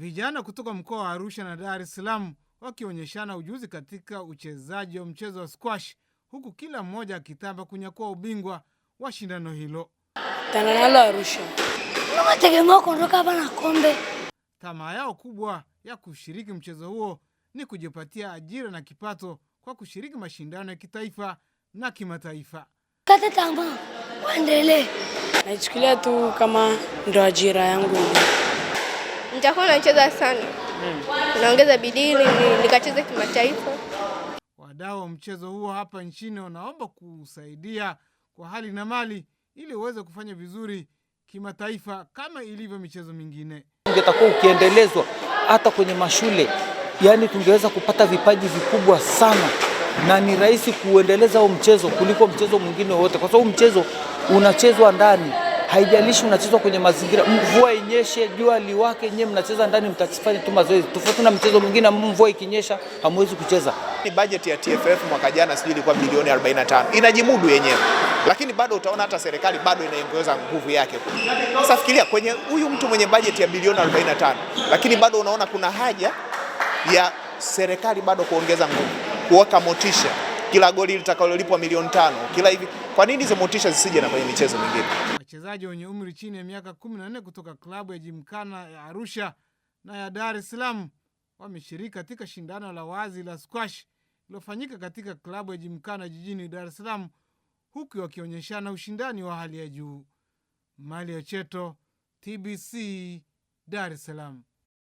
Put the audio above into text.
vijana kutoka mkoa wa Arusha na Dar es Salaam wakionyeshana ujuzi katika uchezaji wa mchezo wa squash huku kila mmoja akitamba kunyakua ubingwa wa shindano hilo. Tananalo Arusha kuondoka hapa na kombe. Tamaa yao kubwa ya kushiriki mchezo huo ni kujipatia ajira na kipato kwa kushiriki mashindano ya kitaifa na kimataifa. Kata tamaa, waendelee. Naichukulia tu kama ndo ajira yangu nitakuwa nacheza sana mm. naongeza bidii nikacheza kimataifa. Wadau wa mchezo huo hapa nchini wanaomba kusaidia kwa hali na mali ili uweze kufanya vizuri kimataifa kama ilivyo michezo mingine. ingetakuwa ukiendelezwa hata kwenye mashule, yaani tungeweza kupata vipaji vikubwa sana, na ni rahisi kuuendeleza huu mchezo kuliko mchezo mwingine wowote, kwa sababu mchezo unachezwa ndani haijalishi unachezwa kwenye mazingira, mvua inyeshe, jua liwake, nyewe mnacheza ndani, mtafanya tu mazoezi, tofauti na mchezo mwingine ambao mvua ikinyesha hamwezi kucheza. Ni bajeti ya TFF mwaka jana sijui ilikuwa bilioni 45, inajimudu yenyewe, lakini bado utaona hata serikali bado inaongeza nguvu yake. Sasa fikiria kwenye huyu mtu mwenye bajeti ya bilioni 45, lakini bado unaona kuna haja ya serikali bado kuongeza nguvu, kuweka motisha kila goli litakalolipwa milioni tano kila hivi. Kwa nini hizo motisha zisije na kwenye michezo mingine? Wachezaji wenye umri chini ya miaka 14 kutoka klabu ya Jimkana ya Arusha na ya Dar es Salaam wameshiriki katika shindano la wazi la squash lilofanyika katika klabu ya Jimkana jijini Dar es Salaam, huku wakionyeshana ushindani wa hali ya juu. Mali ya Cheto, TBC, Dar es Salaam.